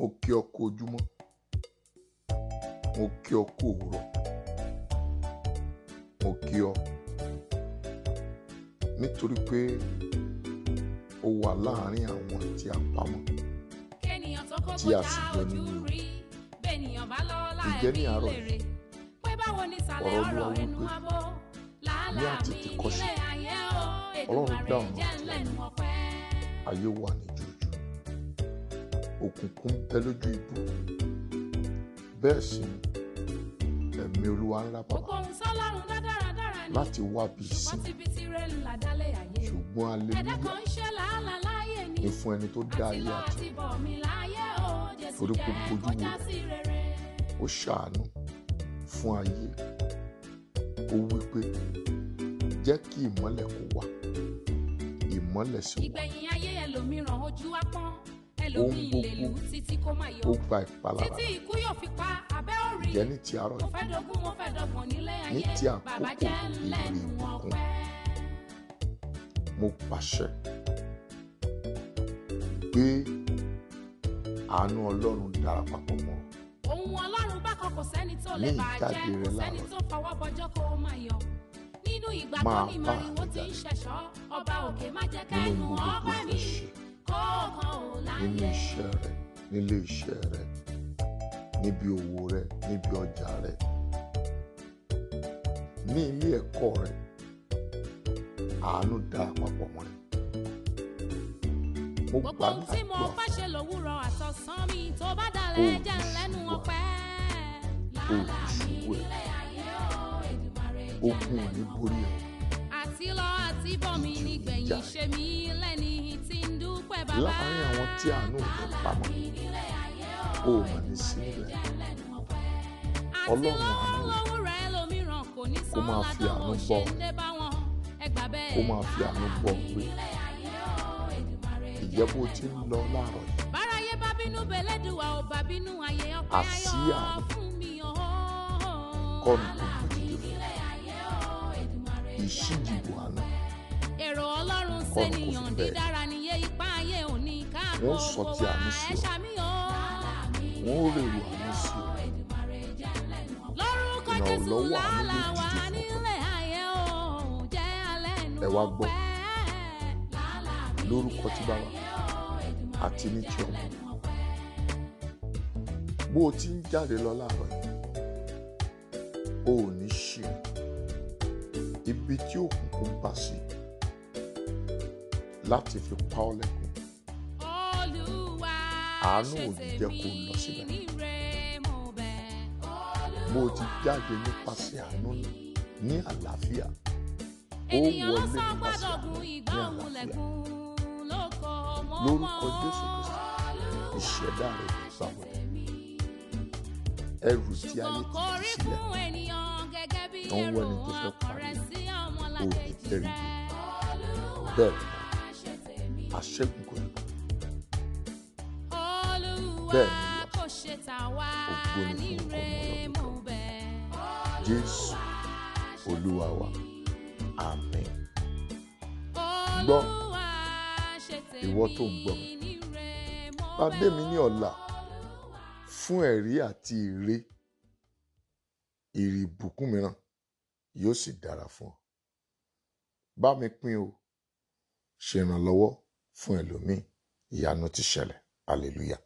mo kí ọ kú ojúmọ́ mo kí ọ kú òwúrọ̀ mo kí ọ nítorí pé ó wà láàárín àwọn tí a pamọ́ tí a sì jọ nínú ìjẹ́ ní àárọ̀ yìí ọ̀rọ̀ olúwa wípé ní àtètè kọ́ṣe ọlọ́run dáhùn àyè wà níjú òkùnkùn ń bẹ lójú ibú bẹ́ẹ̀ sì ni ẹ̀mí olúwa ń rábà wá láti wá bí sí ṣùgbọ́n aleluya ni fún ẹni tó dá ayé àti torí kò bójú wo ó ṣàánú fún ayé ó wí pé jẹ́ kí ìmọ́lẹ̀ kó wà ìmọ́lẹ̀ sì wà. ìgbẹ̀yìn ayé ẹlòmíràn ojú wa pọ́n ohun gbogbo ó gba ìpalára jẹ́ ní ti àárọ̀ yìí ní ti àkókò ìrìn ìbùkún mo pàṣẹ pé àánú ọlọ́run dára mọ́ ohun ọlọ́run bákan kò sẹ́ni tó lè bàjẹ́ kò sẹ́ni tó fọwọ́ bọjọ́ kó o máa yọ nínú ìgbà tó ní màrìwò tí ń ṣẹ̀ṣọ́ ọba òkè má jẹ́ kẹ́nu ọpẹ́ mi nínú iṣẹ́ rẹ nílé iṣẹ́ rẹ níbi òwò rẹ níbi ọjà rẹ ní ilé ẹ̀kọ́ rẹ àánú dá àpapọ̀ mọ́ rẹ. mo gbà ní àdúrà òòṣùwẹ̀ òòṣùwẹ̀ ogun ò ní borí ẹ. àti lọ àti bọ̀ mi nígbẹ̀yìn ṣe mí láàárín àwọn tí àánú rẹ̀ pamọ́ o mà ní sí nílẹ̀ àánú rẹ̀ kó máa fi àánú bọ́ kó máa fi àánú bọ́ pé ìjẹ́ ti ń lọ láàárọ̀ yìí àsíá oh. kọ́nù tó gbòdìdì fún ìṣíjìbò àná kọ́nù kò fi bẹ́ẹ̀ wọ́n sọ ti àánú sí ọ wọ́n rè wò àánú sí ọ ìrànlọ́wọ́ àánú ló dìde fún ẹ wá gbọ́ lórúkọ tí bàbá àti ní ti ọmọ bó o ti ń jáde lọ láàárọ̀ yìí o ò ní ṣe ibi tí òkùnkùn bá sí láti fi pa ọ́ lẹ́kùn àánú ò ní jẹ́ kó lọ síbẹ̀ bó ti jáde nípasẹ̀ àánú náà ní àlàáfíà ó wọlé nípasẹ̀ àánú ní àlàáfíà lórúkọ Jésù Kristi ìṣẹ̀dá rẹ̀ kò gbà ẹrù tí ayé ti sílẹ̀ tó ń wọ tó fẹ́ parí òògùn tẹ̀lé bẹ́ẹ̀ àṣẹ́gun kò ní bẹ́ẹ̀ ni wà ògo ni fún ọmọ lọ́dún jésù olúwa wa àmín gbọ́ ìwọ tó ń gbọ́ pàdé mi ní ọ̀la fún ẹ̀rí àti ire èrè ìbùkún mìíràn yóò sì dára fún ọ bá mi pín o ṣèrànlọ́wọ́ fún ẹlòmíì ìyanu ti ṣẹlẹ̀ hallelujah.